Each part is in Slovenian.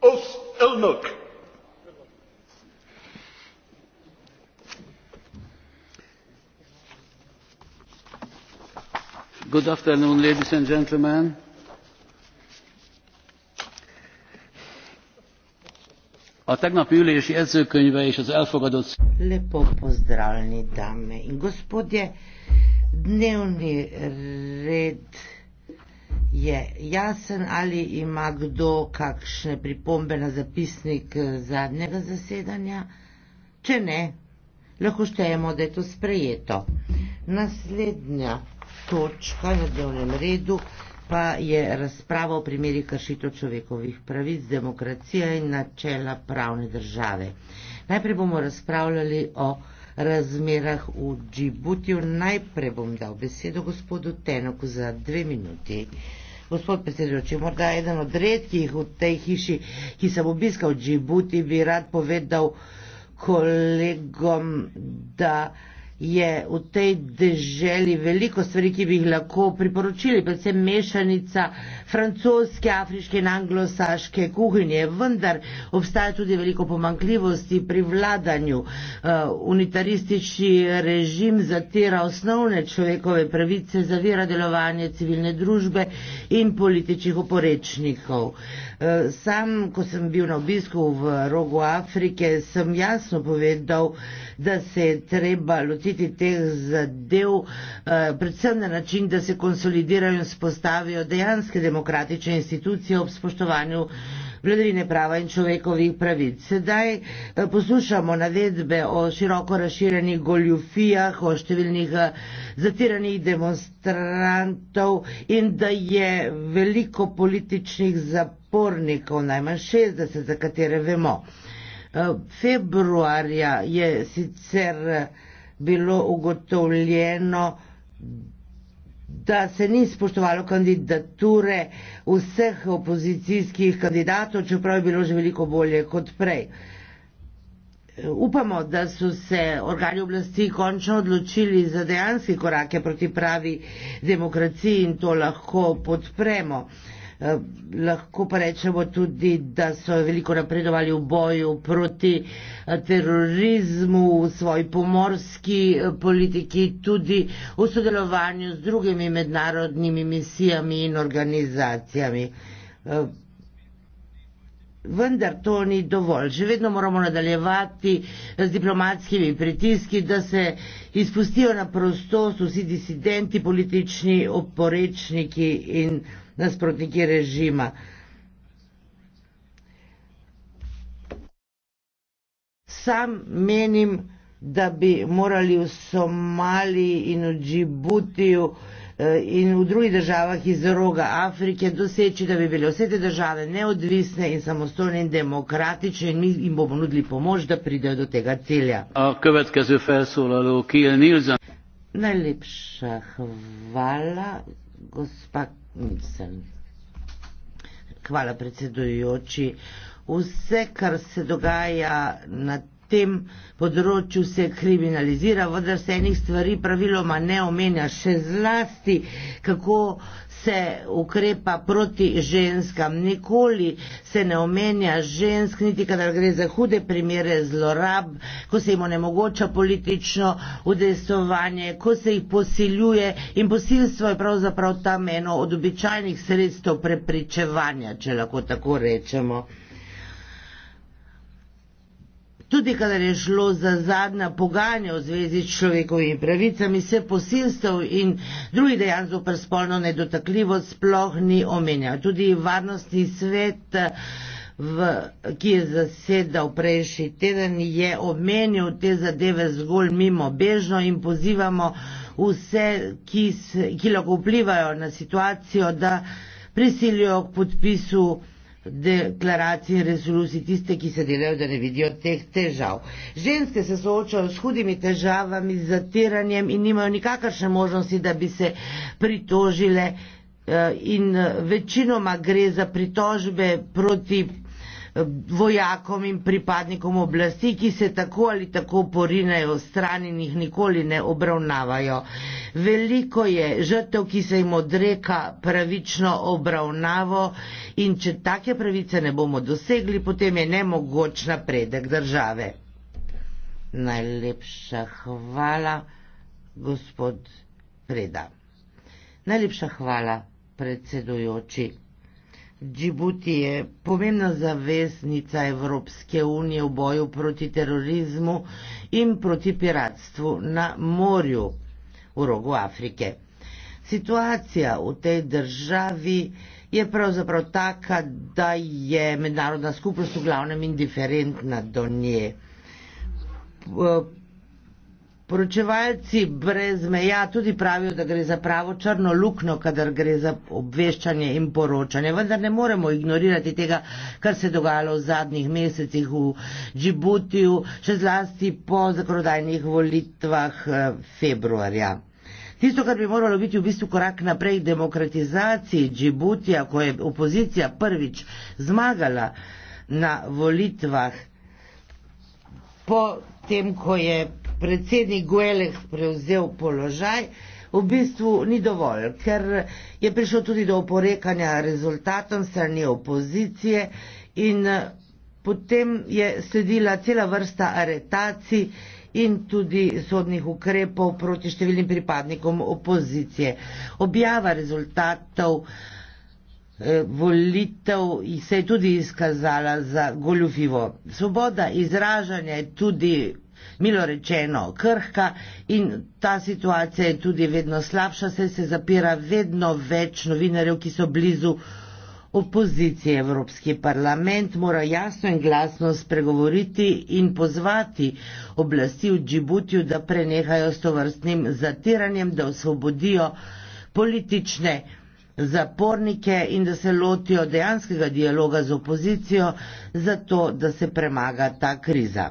aus ilmilk. good afternoon ladies and gentlemen. a tegnapi ülési jegyzőkönyve és az elfogadott Lepo pozdravljeni dame in gospodje, dnevni red je jasen, ali ima kdo kakšne pripombe na zapisnik eh, zadnjega zasedanja. Če ne, lahko štejemo, da je to sprejeto. Naslednja točka na dnevnem redu pa je razprava o primeri kršito človekovih pravic, demokracije in načela pravne države. Najprej bomo razpravljali o razmerah v Džibutiju. Najprej bom dal besedo gospodu Tenoku za dve minuti. Gospod predsedujoči, morda eden od redkih v tej hiši, ki sem obiskal Džibuti, bi rad povedal kolegom, da je v tej deželi veliko stvari, ki bi jih lahko priporočili, predvsem mešanica francoske, afriške in anglosaške kuhinje, vendar obstaja tudi veliko pomankljivosti pri vladanju. Eh, unitaristični režim zatira osnovne človekove pravice, zavira delovanje civilne družbe in političnih oporečnikov. Eh, sam, ko sem bil na obisku v rogu Afrike, sem jasno povedal, da se je treba lotiti lotiti teh zadev, eh, predvsem na način, da se konsolidirajo in spostavijo dejanske demokratične institucije ob spoštovanju vladavine prava in človekovih pravic. Sedaj eh, poslušamo navedbe o široko razširjenih goljufijah, o številnih eh, zatiranih demonstrantov in da je veliko političnih zapornikov, najmanj 60, za katere vemo. Februarja je sicer bilo ugotovljeno, da se ni spoštovalo kandidature vseh opozicijskih kandidatov, čeprav je bilo že veliko bolje kot prej. Upamo, da so se organi oblasti končno odločili za dejanske korake proti pravi demokraciji in to lahko podpremo. Eh, lahko pa rečemo tudi, da so veliko napredovali v boju proti eh, terorizmu, v svoji pomorski eh, politiki, tudi v sodelovanju z drugimi mednarodnimi misijami in organizacijami vendar to ni dovolj. Še vedno moramo nadaljevati z diplomatskimi pritiski, da se izpustijo na prostost vsi disidenti, politični oporečniki in nasprotniki režima. Sam menim, da bi morali v Somaliji in v Džibutiju Eh, in v drugih državah iz roga Afrike doseči, da bi bile vse te države neodvisne in samostojne in demokratične in mi jim bomo nudili pomoč, da pridejo do tega celja. Najlepša hvala, gospa Nilsen. Hvala predsedujoči. Vse, kar se dogaja na tem, tem področju se kriminalizira, vendar se enih stvari praviloma ne omenja, še zlasti, kako se ukrepa proti ženskam. Nikoli se ne omenja žensk, niti kadar gre za hude primere zlorab, ko se jim onemogoča politično udestovanje, ko se jih posiljuje in posilstvo je pravzaprav tam eno od običajnih sredstev prepričevanja, če lahko tako rečemo. Tudi kadar je šlo za zadnja pogajanja v zvezi s človekovimi pravicami, se posilstev in drugih dejanj zoper spolno nedotakljivost sploh ni omenjal. Tudi varnostni svet, v, ki je zasedal prejšnji teden, je omenil te zadeve zgolj mimo bežno in pozivamo vse, ki, ki lahko vplivajo na situacijo, da prisilijo k podpisu deklaracije, rezoluciji, tiste, ki se delajo, da ne vidijo teh težav. Ženske se soočajo s hudimi težavami, z zatiranjem in nimajo nikakršne možnosti, da bi se pritožile. Eh, in eh, večinoma gre za pritožbe proti vojakom in pripadnikom oblasti, ki se tako ali tako porinejo stran in jih nikoli ne obravnavajo. Veliko je žrtev, ki se jim odreka pravično obravnavo in če take pravice ne bomo dosegli, potem je nemogoč napredek države. Najlepša hvala, gospod Preda. Najlepša hvala, predsedujoči. Džibuti je pomembna zaveznica Evropske unije v boju proti terorizmu in proti piratstvu na morju v rogu Afrike. Situacija v tej državi je pravzaprav taka, da je mednarodna skupnost v glavnem indiferentna do nje. Poročevalci brez meja tudi pravijo, da gre za pravo črno lukno, kadar gre za obveščanje in poročanje. Vendar ne moremo ignorirati tega, kar se je dogajalo v zadnjih mesecih v Džibutiju, še zlasti po zakonodajnih volitvah eh, februarja. Tisto, kar bi moralo biti v bistvu korak naprej demokratizaciji Džibutija, ko je opozicija prvič zmagala na volitvah, po tem, ko je predsednik Gueleh prevzel položaj, v bistvu ni dovolj, ker je prišlo tudi do oporekanja rezultatom strani opozicije in eh, potem je sledila cela vrsta aretacij in tudi sodnih ukrepov proti številnim pripadnikom opozicije. Objava rezultatov eh, volitev se je tudi izkazala za goljufivo. Svoboda izražanja je tudi milo rečeno, krhka in ta situacija je tudi vedno slabša, saj se zapira vedno več novinarjev, ki so blizu opozicije. Evropski parlament mora jasno in glasno spregovoriti in pozvati oblasti v Džibutiju, da prenehajo s tovrstnim zatiranjem, da osvobodijo politične zapornike in da se lotijo dejanskega dialoga z opozicijo, zato da se premaga ta kriza.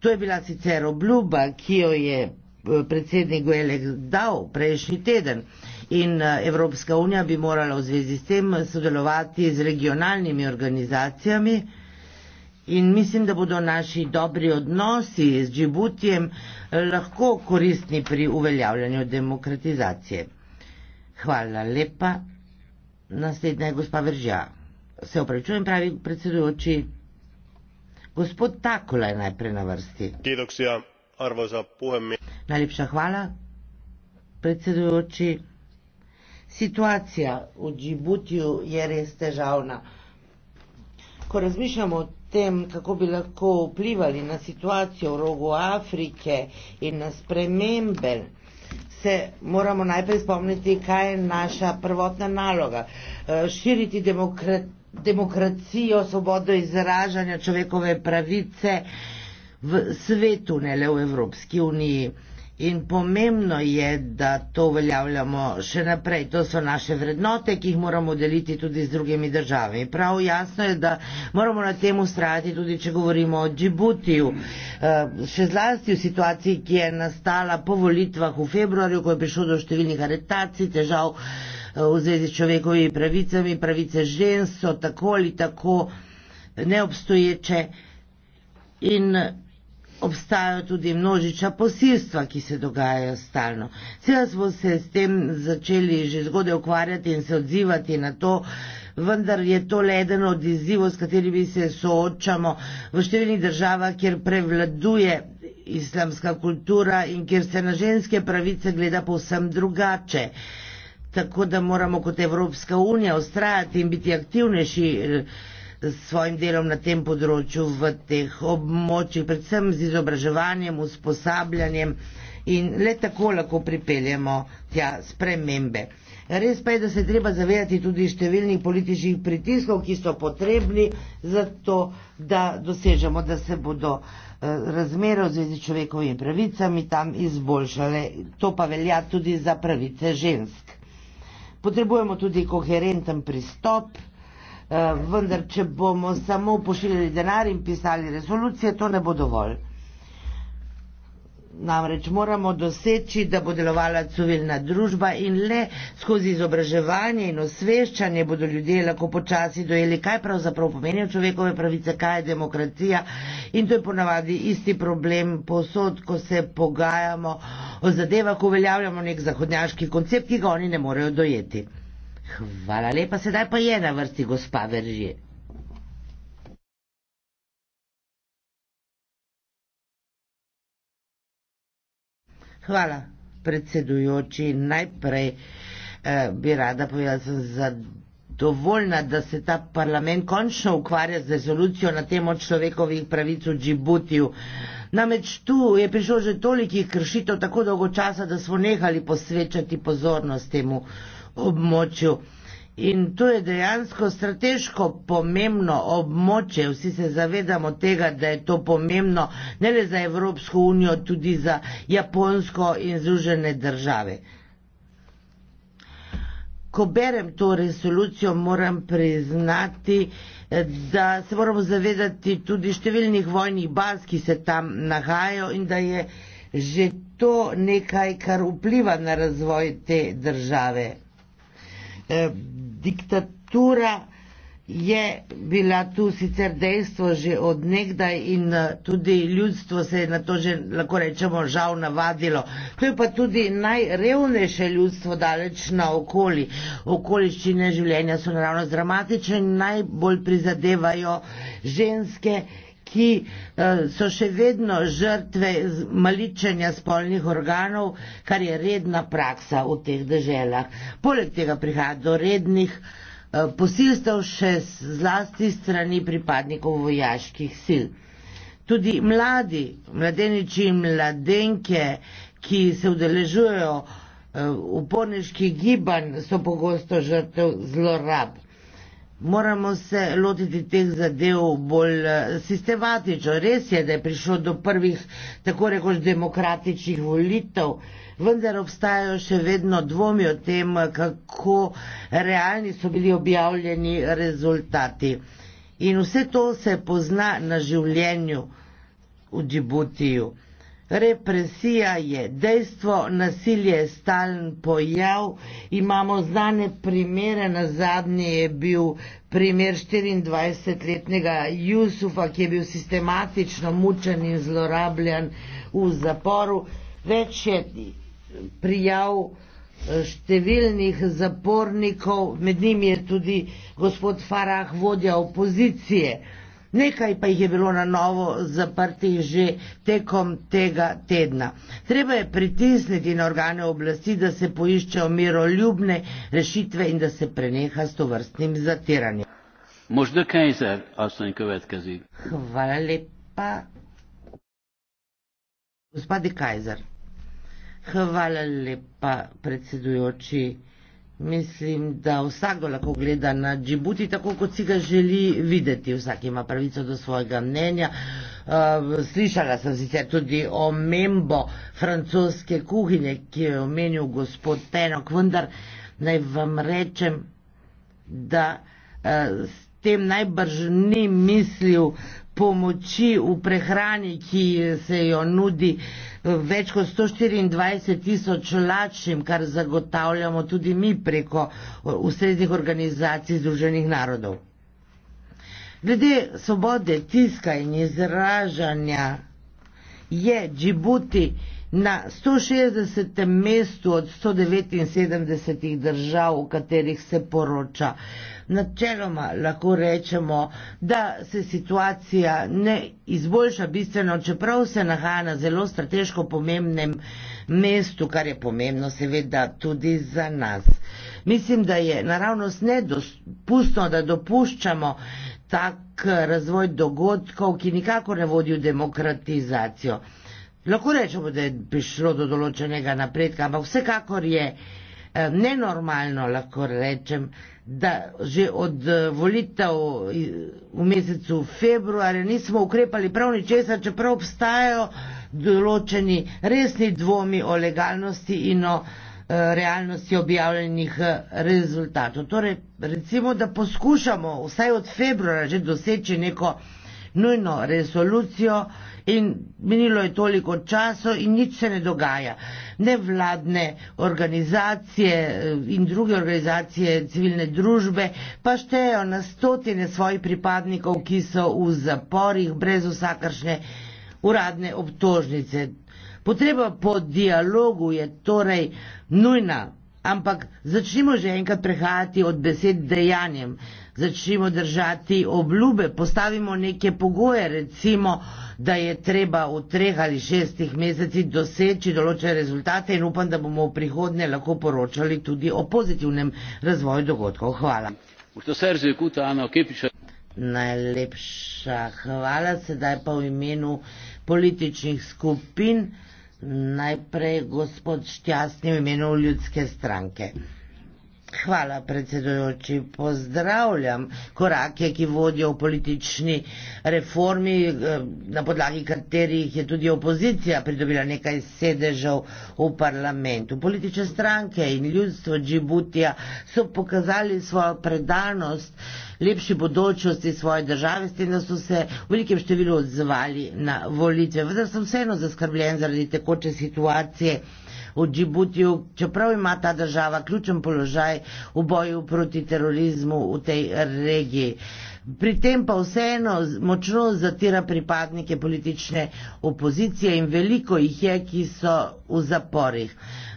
To je bila sicer obljuba, ki jo je eh, predsednik Gueleg dal prejšnji teden in eh, Evropska unija bi morala v zvezi s tem sodelovati z regionalnimi organizacijami in mislim, da bodo naši dobri odnosi z Džibutijem eh, lahko koristni pri uveljavljanju demokratizacije. Hvala lepa. Naslednja je gospa Veržja. Se opravičujem, pravi predsedujoči. Gospod Takula je najprej na vrsti. Kidoksija, arvoza, Najlepša hvala, predsedujoči. Situacija v Džibutiju je res težavna. Ko razmišljamo o tem, kako bi lahko vplivali na situacijo v rogu Afrike in na spremembe, se moramo najprej spomniti, kaj je naša prvotna naloga. Eh, širiti demokracijo demokracijo, svobodo izražanja človekove pravice v svetu, ne le v Evropski uniji. In pomembno je, da to uveljavljamo še naprej. To so naše vrednote, ki jih moramo deliti tudi z drugimi državami. Prav jasno je, da moramo na tem ustrajati tudi, če govorimo o Džibutiju. Eh, še zlasti v situaciji, ki je nastala po volitvah v februarju, ko je prišlo do številnih aretacij, težav v zvezi s človekovimi pravicami, pravice žensk so tako ali tako neobstoječe in obstajajo tudi množiča posilstva, ki se dogajajo stalno. Seveda smo se s tem začeli že zgodaj ukvarjati in se odzivati na to, vendar je to le eden od izzivov, s katerimi se soočamo v številnih državah, kjer prevladuje islamska kultura in kjer se na ženske pravice gleda povsem drugače. Uh, tako da moramo kot Evropska unija ustrajati in biti aktivnejši eh, s svojim delom na tem področju v teh območjih, predvsem z izobraževanjem, usposabljanjem in le tako lahko pripeljemo tja spremembe. Res pa je, da se treba zavedati tudi številnih političnih pritiskov, ki so potrebni za to, da dosežemo, da se bodo eh, razmere v zvezi s človekovimi pravicami tam izboljšale. To pa velja tudi za pravice žensk potrebujemo tudi koherenten pristop, eh, vendar če bomo samo pošiljali denar in pisali rezolucije, to ne bo dovolj. Namreč moramo doseči, da bo delovala civilna družba in le skozi izobraževanje in osveščanje bodo ljudje lahko počasi dojeli, kaj pravzaprav pomenijo človekove pravice, kaj je demokracija. In to je ponavadi isti problem posod, ko se pogajamo o zadevah, uveljavljamo nek zahodnjaški koncept, ki ga oni ne morejo dojeti. Hvala lepa, sedaj pa je na vrsti gospa Veržje. Hvala, predsedujoči. Najprej eh, bi rada povedala, da sem zadovoljna, da se ta parlament končno ukvarja z rezolucijo na temo človekovih pravic v Džibutiju. Namreč tu je prišlo že tolikih kršitev tako dolgo časa, da smo nehali posvečati pozornost temu območju. In tu je dejansko strateško pomembno območje, vsi se zavedamo tega, da je to pomembno ne le za Evropsko unijo, tudi za Japonsko in Združene države. Ko berem to resolucijo, moram priznati, da se moramo zavedati tudi številnih vojnih baz, ki se tam nahajajo in da je že to nekaj, kar vpliva na razvoj te države. Eh, diktatura je bila tu sicer dejstvo že odnegdaj in eh, tudi ljudstvo se je na to že lahko rečemo žal navadilo. To je pa tudi najrevnejše ljudstvo daleč na okoli. Okoliščine življenja so naravno dramatične in najbolj prizadevajo ženske ki eh, so še vedno žrtve maličenja spolnih organov, kar je redna praksa v teh državah. Poleg tega prihaja do rednih eh, posilstev še zlasti strani pripadnikov vojaških sil. Tudi mladi, mladeniči in mladenke, ki se udeležujejo eh, uporniških gibanj, so pogosto žrtev zlorab moramo se lotiti teh zadev bolj eh, sistematično. Res je, da je prišlo do prvih tako rekoč demokratičnih volitev, vendar obstajajo še vedno dvomi o tem, kako realni so bili objavljeni rezultati. In vse to se pozna na življenju v Džibutiju. Represija je dejstvo, nasilje je stalen pojav, imamo znane primere, na zadnji je bil primer 24-letnega Jusufa, ki je bil sistematično mučen in zlorabljan v zaporu. Več je prijav eh, številnih zapornikov, med njimi je tudi gospod Farah, vodja opozicije. Nekaj pa jih je bilo na novo zaprtih že tekom tega tedna. Treba je pritisniti na organe oblasti, da se poiščejo miroljubne rešitve in da se preneha s tovrstnim zatiranjem. Možda kaj se, Arsen Kovet, kazi. Hvala lepa. Gospodi Kajzer, hvala lepa predsedujoči. Mislim, da vsakdo lahko gleda na Džibuti tako, kot si ga želi videti. Vsak ima pravico do svojega mnenja. Uh, slišala sem sicer tudi o membo francoske kuhinje, ki jo je omenil gospod Penok, vendar naj vam rečem, da uh, s tem najbrž ni mislil pomoči v prehrani, ki se jo nudi eh, več kot 124 tisoč lačnim, kar zagotavljamo tudi mi preko eh, ustreznih organizacij Združenih narodov. Glede svobode tiska in izražanja je Džibuti. Na 160. mestu od 179 držav, v katerih se poroča, načeloma lahko rečemo, da se situacija ne izboljša bistveno, čeprav se nahaja na zelo strateško pomembnem mestu, kar je pomembno seveda tudi za nas. Mislim, da je naravnost nedopustno, da dopuščamo tak razvoj dogodkov, ki nikako ne vodijo demokratizacijo lahko rečemo, da je prišlo do določenega napredka, ampak vsekakor je eh, nenormalno, lahko rečem, da že od eh, volitev eh, v mesecu februarja nismo ukrepali prav ničesar, čeprav obstajajo določeni resni dvomi o legalnosti in o realnosti objavljenih rezultatov. Torej, recimo, da poskušamo vsaj od februara že doseči neko nujno resolucijo, in minilo je toliko časa in nič se ne dogaja. Ne vladne organizacije eh, in druge organizacije civilne družbe pa štejejo na stotine svojih pripadnikov, ki so v zaporih brez vsakršne uradne obtožnice. Potreba po dialogu je torej nujna ampak začnimo že enkrat prehajati od besed dejanjem, začnimo držati obljube, postavimo neke pogoje, recimo, da je treba v treh ali šestih mesecih doseči določene rezultate in upam, da bomo v prihodnje lahko poročali tudi o pozitivnem razvoju dogodkov. Hvala. Najlepša hvala, sedaj pa v imenu političnih skupin najprej gospod Štjasni v imenu ljudske stranke. Hvala, predsedujoči. Pozdravljam korake, ki vodijo v politični reformi, eh, na podlagi katerih je tudi opozicija pridobila nekaj sedežev v parlamentu. Politične stranke in ljudstvo Džibutija so pokazali svojo predanost lepši bodočnosti svoje države, s tem, da so se v velikem številu odzvali na volitve. Vendar sem vseeno zaskrbljen zaradi tekoče situacije v Džibutiju, čeprav ima ta država ključen položaj v boju proti terorizmu v tej regiji. Pri tem pa vseeno močno zatira pripadnike politične opozicije in veliko jih je, ki so v zaporih.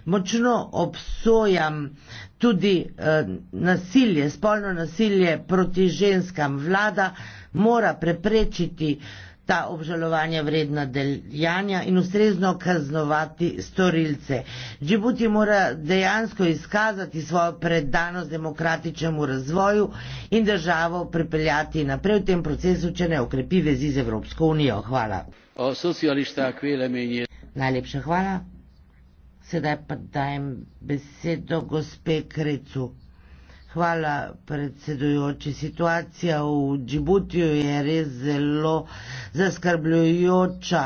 Močno obsojam tudi eh, nasilje, spolno nasilje proti ženskam. Vlada mora preprečiti eh, ta obžalovanja vredna deljanja in ustrezno kaznovati storilce. Džibuti mora dejansko izkazati svojo predanost demokratičnemu razvoju in državo pripeljati naprej v tem procesu, če ne okrepi vezi z Evropsko unijo. Hvala. Najlepša hvala. Sedaj pa dajem besedo gospe Krecu. Hvala, predsedujoči. Situacija v Džibutiju je res zelo zaskrbljujoča.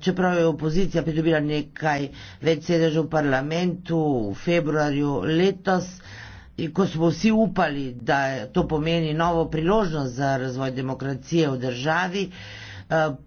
Čeprav je opozicija pridobila nekaj več sedežev v parlamentu v februarju letos, ko smo vsi upali, da to pomeni novo priložnost za razvoj demokracije v državi,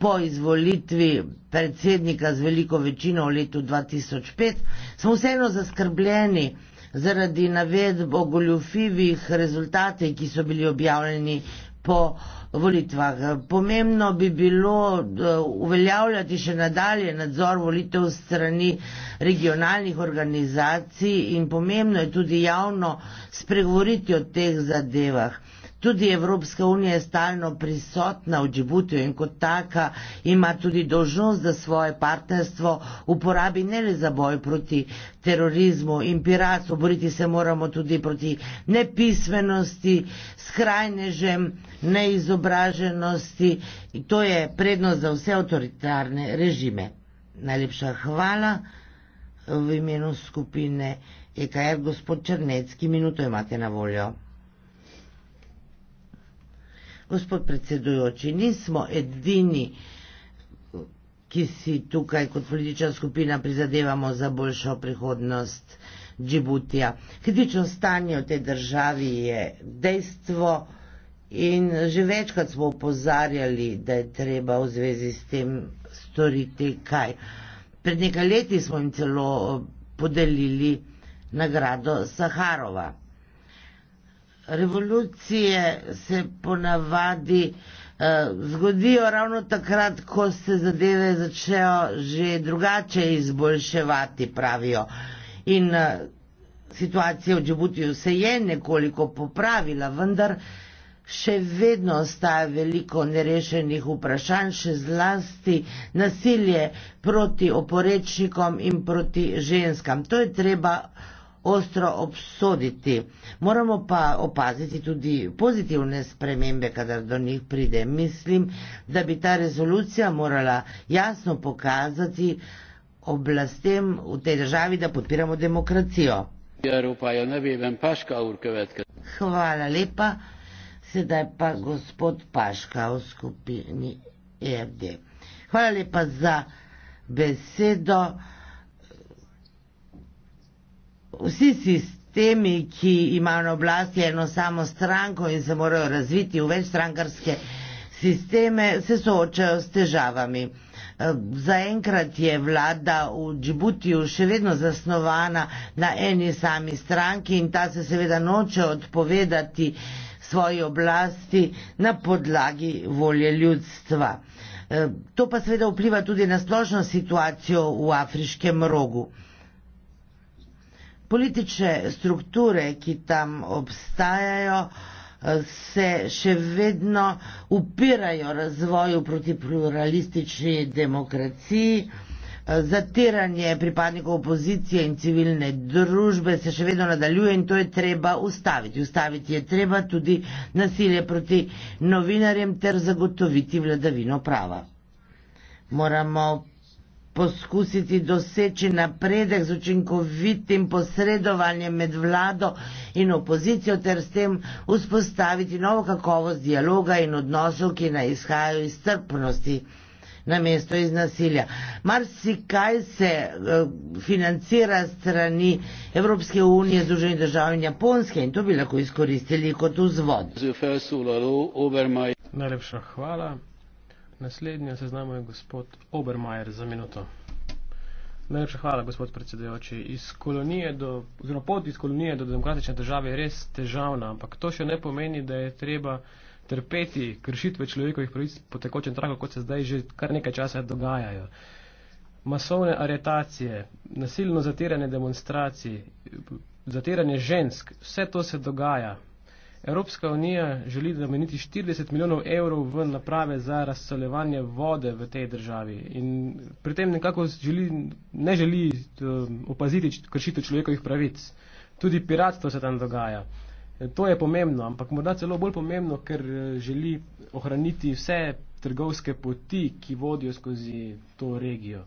po izvolitvi predsednika z veliko večino v letu 2005, smo vseeno zaskrbljeni zaradi navedb o goljufivih rezultatih, ki so bili objavljeni po volitvah. Pomembno bi bilo eh, uveljavljati še nadalje nadzor volitev strani regionalnih organizacij in pomembno je tudi javno spregovoriti o teh zadevah. Tudi Evropska unija je stalno prisotna v Džibutiju in kot taka ima tudi dožnost, da svoje partnerstvo uporabi ne le za boj proti terorizmu in piratstvu, boriti se moramo tudi proti nepismenosti, skrajnežem, neizobraženosti. In to je prednost za vse avtoritarne režime. Najlepša hvala v imenu skupine EKR, gospod Črnecki, minuto imate na voljo gospod predsedujoči, nismo edini, ki si tukaj kot politična skupina prizadevamo za boljšo prihodnost Džibutija. Kritično stanje v tej državi je dejstvo in že večkrat smo upozarjali, da je treba v zvezi s tem storiti kaj. Pred nekaj leti smo jim celo podelili nagrado Saharova revolucije se ponavadi eh, zgodijo ravno takrat, ko se zadeve začnejo že drugače izboljševati, pravijo. In eh, situacija v Džibutiju se je nekoliko popravila, vendar še vedno ostaja veliko nerešenih vprašanj, še zlasti nasilje proti oporečnikom in proti ženskam. To je treba ostro obsoditi. Moramo pa opaziti tudi pozitivne spremembe, kadar do njih pride. Mislim, da bi ta rezolucija morala jasno pokazati oblastem v tej državi, da podpiramo demokracijo. Hvala lepa. Sedaj pa gospod Paška v skupini e FD. Hvala lepa za besedo vsi sistemi, ki imajo na oblasti eno samo stranko in se morajo razviti v večstrankarske sisteme, se soočajo s težavami. Zaenkrat je vlada v Džibutiju še vedno zasnovana na eni sami stranki in ta se seveda noče odpovedati svoji oblasti na podlagi volje ljudstva. E, to pa seveda vpliva tudi na splošno situacijo v afriškem rogu politične strukture, ki tam obstajajo, se še vedno upirajo razvoju proti pluralistični demokraciji. Zatiranje pripadnikov opozicije in civilne družbe se še vedno nadaljuje in to je treba ustaviti. Ustaviti je treba tudi nasilje proti novinarjem ter zagotoviti vladavino prava. Moramo poskusiti doseči napredek z učinkovitim posredovanjem med vlado in opozicijo ter s tem vzpostaviti novo kakovost dialoga in odnosov, ki naj izhajajo iz strpnosti na mesto iz nasilja. Mar si kaj se uh, financira strani Evropske unije, Združenih držav in Japonske in to bi lahko izkoristili kot vzvod. Najlepša hvala. Naslednji na seznamu je gospod Obermajer za minuto. Najlepša hvala, gospod predsedujoči. Iz kolonije do, oziroma pot iz kolonije do demokratične države je res težavna, ampak to še ne pomeni, da je treba trpeti kršitve človekovih pravic po tekočem traku, kot se zdaj že kar nekaj časa dogajajo. Masovne aretacije, nasilno zatiranje demonstracij, zatiranje žensk, vse to se dogaja. Evropska unija želi nameniti 40 milijonov evrov v naprave za razsoljevanje vode v tej državi in pri tem nekako želi, ne želi um, opaziti kršitev človekovih pravic. Tudi piratstvo se tam dogaja. To je pomembno, ampak morda celo bolj pomembno, ker eh, želi ohraniti vse trgovske poti, ki vodijo skozi to regijo.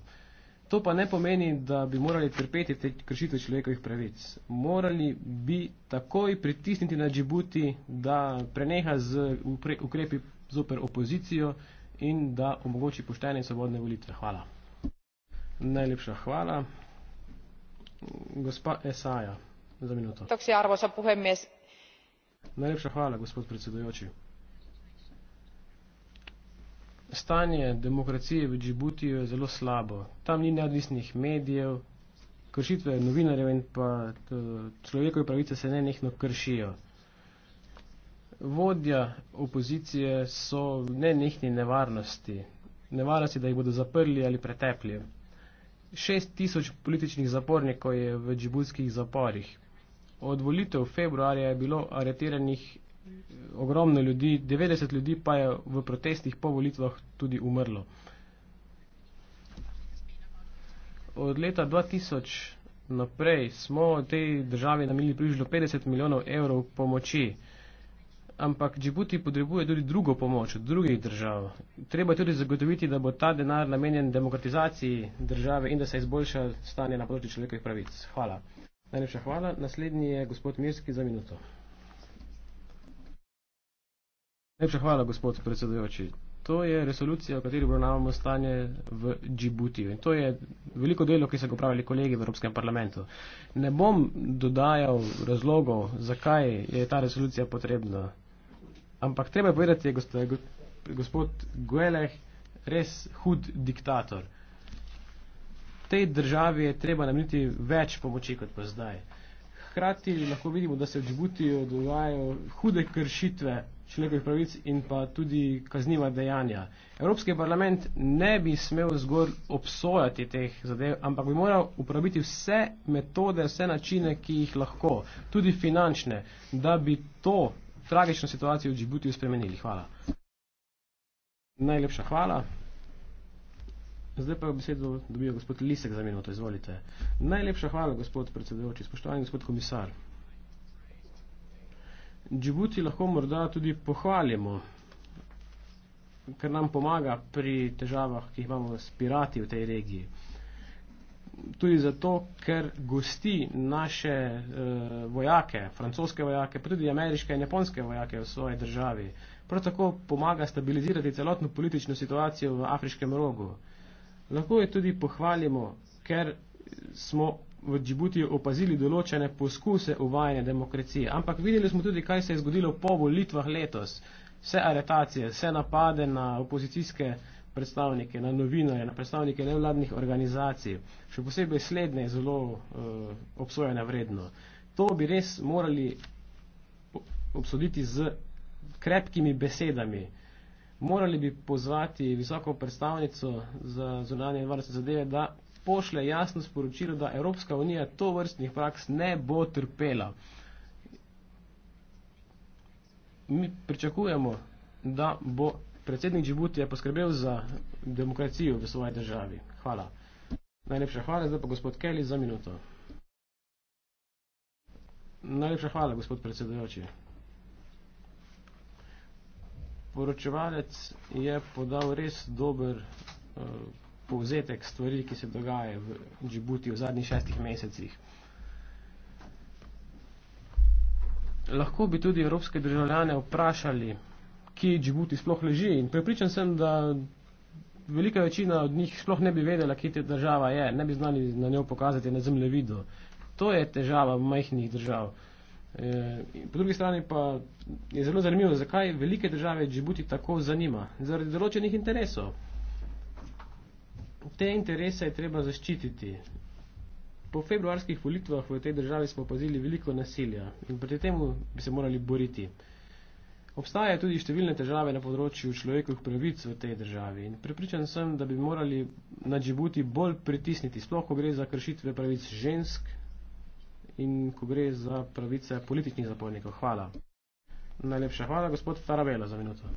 To pa ne pomeni, da bi morali trpeti te kršitve človekovih pravic. Morali bi takoj pritisniti na Džibuti, da preneha z ukrepi zoper opozicijo in da omogoči poštene in svobodne volitve. Hvala. Najlepša hvala. Gospa Esaja, za minuto. Toksi arvoisa puhemies. Najlepša hvala, gospod predsedujoči stanje demokracije v Džibutiju je zelo slabo. Tam ni neodvisnih medijev, kršitve novinarjev in pa človekove pravice se nenehno kršijo. Vodja opozicije so nenehni nevarnosti. Nevarnosti, da jih bodo zaprli ali pretepli. Šest tisoč političnih zapornikov je v džibutskih zaporih. Od volitev februarja je bilo areteranih ogromno ljudi, 90 ljudi pa je v protestih po volitvah tudi umrlo. Od leta 2000 naprej smo v tej državi namili približno 50 milijonov evrov pomoči. Ampak Džibuti potrebuje tudi drugo pomoč od drugih držav. Treba tudi zagotoviti, da bo ta denar namenjen demokratizaciji države in da se izboljša stanje na področju človekovih pravic. Hvala. Najlepša hvala. Naslednji je gospod Mirski za minuto. Najlepša hvala, gospod predsedujoči. To je resolucija, v kateri obravnavamo stanje v Džibutiju. In to je veliko delo, ki so ga upravili kolegi v Evropskem parlamentu. Ne bom dodajal razlogov, zakaj je ta resolucija potrebna. Ampak treba je povedati, gospod Gueleh, res hud diktator. Tej državi je treba nameniti več pomoči kot pa zdaj. Hkrati lahko vidimo, da se v Džibutiju dogajajo hude kršitve človekovih pravic in pa tudi kazniva dejanja. Evropski parlament ne bi smel zgolj obsojati teh zadev, ampak bi moral uporabiti vse metode, vse načine, ki jih lahko, tudi finančne, da bi to tragično situacijo v Džibutiju spremenili. Hvala. Najlepša hvala. Zdaj pa besedo dobijo gospod Lisek za minuto, izvolite. Najlepša hvala, gospod predsedujoči, spoštovani gospod komisar. Džibuti lahko morda tudi pohvalimo, ker nam pomaga pri težavah, ki jih imamo s pirati v tej regiji. Tudi zato, ker gosti naše uh, vojake, francoske vojake, pa tudi ameriške in japonske vojake v svoji državi. Prav tako pomaga stabilizirati celotno politično situacijo v afriškem rogu. Lahko jo tudi pohvalimo, ker smo v Džibutiju opazili določene poskuse uvajanja demokracije. Ampak videli smo tudi, kaj se je zgodilo po volitvah letos. Vse aretacije, vse napade na opozicijske predstavnike, na novinarje, na predstavnike nevladnih organizacij, še posebej slednje je zelo uh, eh, obsojena vredno. To bi res morali obsoditi z krepkimi besedami. Morali bi pozvati visoko predstavnico za zunanje in varnostne zadeve, da pošlje jasno sporočilo, da Evropska unija to vrstnih praks ne bo trpela. Mi pričakujemo, da bo predsednik Džibutija poskrbel za demokracijo v svoji državi. Hvala. Najlepša hvala, zdaj pa gospod Kelly za minuto. Najlepša hvala, gospod predsedujoči. Poročevalec je podal res dober uh, povzetek stvari, ki se dogaja v Džibuti v zadnjih šestih mesecih. Lahko bi tudi evropske državljane vprašali, ki Džibuti sploh leži in prepričan sem, da velika večina od njih sploh ne bi vedela, ki te država je, ne bi znali na njo pokazati na zemljevidu. To je težava majhnih držav. E, po drugi strani pa je zelo zanimivo, zakaj velike države Džibuti tako zanima. Zaradi določenih interesov te interese je treba zaščititi. Po februarskih volitvah v tej državi smo opazili veliko nasilja in proti temu bi se morali boriti. Obstajajo tudi številne težave na področju človekovih pravic v tej državi in prepričan sem, da bi morali na Džibuti bolj pritisniti, sploh ko gre za kršitve pravic žensk in ko gre za pravice političnih zapornikov. Hvala. Najlepša hvala, gospod Farabela, za minuto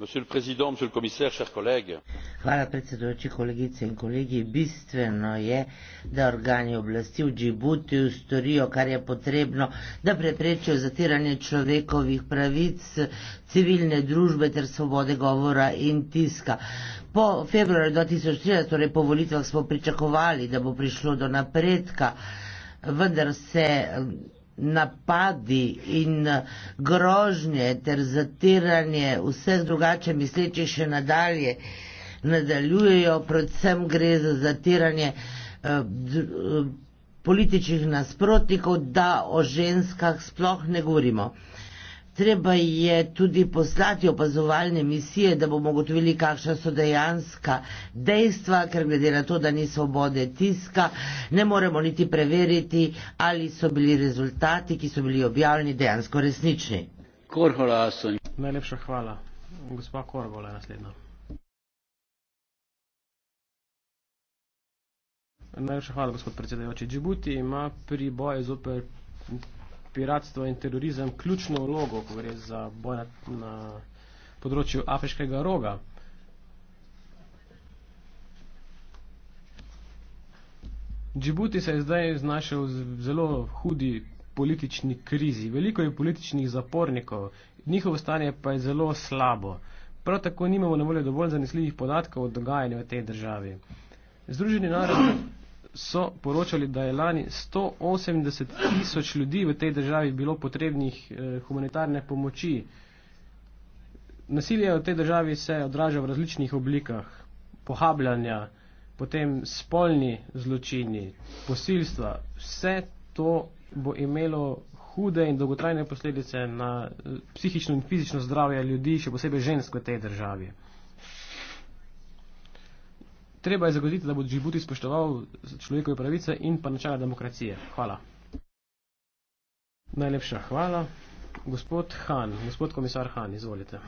monsieur le président monsieur le commissaire chers collègues voilà predsedujoči kolegice in kolegi bistveno je da organi oblasti v Džibutiju storijo kar je potrebno da preprečijo zatiranje človekovih pravic civilne družbe ter svobode govora in tiska Po februarju 2013, torej po volitvah, smo pričakovali, da bo prišlo do napredka, vendar se napadi in grožnje ter zatiranje vseh drugače misleče še nadalje nadaljujejo, predvsem gre za zatiranje eh, eh, političnih nasprotnikov, da o ženskah sploh ne govorimo. Treba je tudi poslati opazovalne misije, da bomo ugotovili, kakšna so dejanska dejstva, ker glede na to, da ni svobode tiska, ne moremo niti preveriti, ali so bili rezultati, ki so bili objavljeni, dejansko resnični. Korhola, Asun. Najlepša hvala. Gospa Korhola, naslednja. Najlepša hvala, gospod predsedajoči. Džibuti ima pri boju zoper piratstvo in terorizem ključno vlogo, ko gre za boj na, na področju afriškega roga. Džibuti se je zdaj znašel v zelo hudi politični krizi. Veliko je političnih zapornikov, njihovo stanje pa je zelo slabo. Prav tako nimamo na voljo dovolj zanesljivih podatkov o dogajanju v tej državi. Združeni narodi so poročali, da je lani 180 tisoč ljudi v tej državi bilo potrebnih eh, humanitarne pomoči. Nasilje v tej državi se odraža v različnih oblikah pohabljanja, potem spolni zločini, posilstva. Vse to bo imelo hude in dolgotrajne posledice na eh, psihično in fizično zdravje ljudi, še posebej žensk v tej državi treba je zagotoviti, da bo Džibuti spoštoval človekove pravice in pa načela demokracije. Hvala. Najlepša hvala. Gospod Han, gospod komisar Han, izvolite.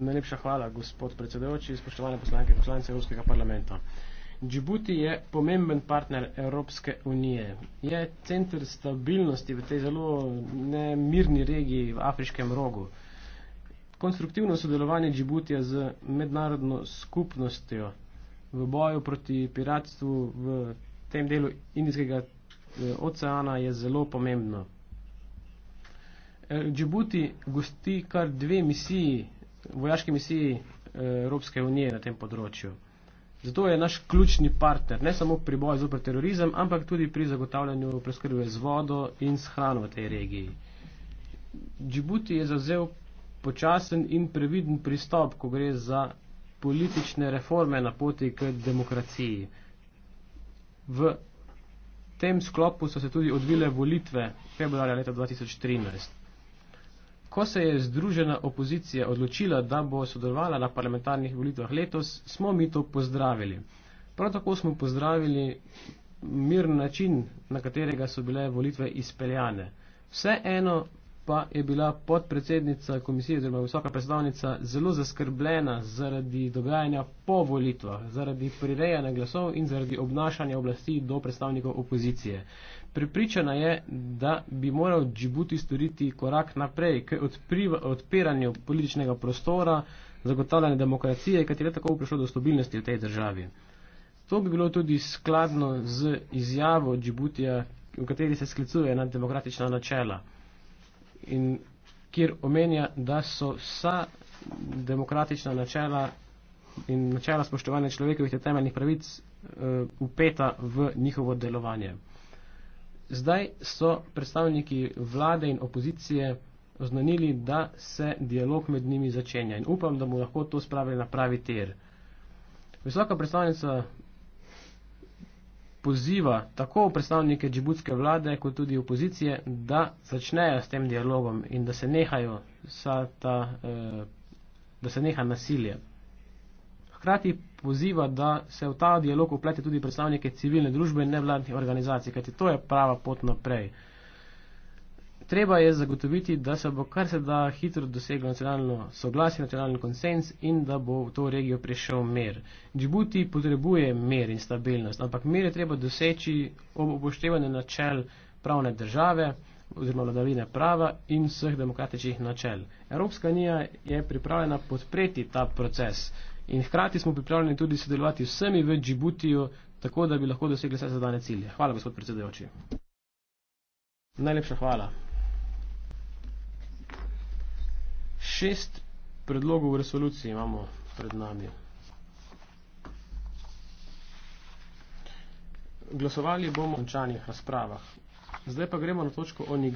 Najlepša hvala, gospod predsedujoči, spoštovane poslanke in poslanci Evropskega parlamenta. Džibuti je pomemben partner Evropske unije. Je center stabilnosti v tej zelo nemirni regiji v afriškem rogu konstruktivno sodelovanje Džibutija z mednarodno skupnostjo v boju proti piratstvu v tem delu Indijskega eh, oceana je zelo pomembno. Eh, Džibuti gosti kar dve misiji, vojaške misiji eh, Evropske unije na tem področju. Zato je naš ključni partner, ne samo pri boju zoper terorizem, ampak tudi pri zagotavljanju preskrbe z vodo in s hrano v tej regiji. Džibuti je zavzel počasen in previden pristop, ko gre za politične reforme na poti k demokraciji. V tem sklopu so se tudi odvile volitve februarja leta 2013. Ko se je združena opozicija odločila, da bo sodelovala na parlamentarnih volitvah letos, smo mi to pozdravili. Prav tako smo pozdravili miren način, na katerega so bile volitve izpeljane. Vseeno pa je bila podpredsednica komisije oziroma visoka predstavnica zelo zaskrbljena zaradi dogajanja po volitvah, zaradi prirejanja glasov in zaradi obnašanja oblasti do predstavnikov opozicije. Pripričana je, da bi moral Džibuti storiti korak naprej k odpiranju političnega prostora, zagotavljanju demokracije, kateri je tako prišlo do stabilnosti v tej državi. To bi bilo tudi skladno z izjavo Džibutija, v kateri se sklicuje na demokratična načela in kjer omenja, da so vsa demokratična načela in načela spoštovanja človekovih temeljnih pravic uh, eh, upeta v njihovo delovanje. Zdaj so predstavniki vlade in opozicije oznanili, da se dialog med njimi začenja in upam, da bo lahko to spravili na pravi tir. Visoka predstavnica poziva tako predstavnike džibutske vlade kot tudi opozicije, da začnejo s tem dialogom in da se nehajo sa ta, eh, da se neha nasilje. Hkrati poziva, da se v ta dialog uplete tudi predstavnike civilne družbe in nevladnih organizacij, kajti to je prava pot naprej treba je zagotoviti, da se bo kar se da hitro doseglo nacionalno soglasje, nacionalni konsens in da bo v to regijo prišel mer. Džibuti potrebuje mer in stabilnost, ampak mer je treba doseči ob upoštevanju načel pravne države oziroma vladavine prava in vseh demokratičnih načel. Evropska unija je pripravljena podpreti ta proces in hkrati smo pripravljeni tudi sodelovati vsemi v Džibutiju, tako da bi lahko dosegli vse zadane cilje. Hvala, gospod predsedujoči. Najlepša hvala. Šest predlogov resolucij imamo pred nami. Glasovali bomo v končanih razpravah. Zdaj pa gremo na točko o Nigeriji.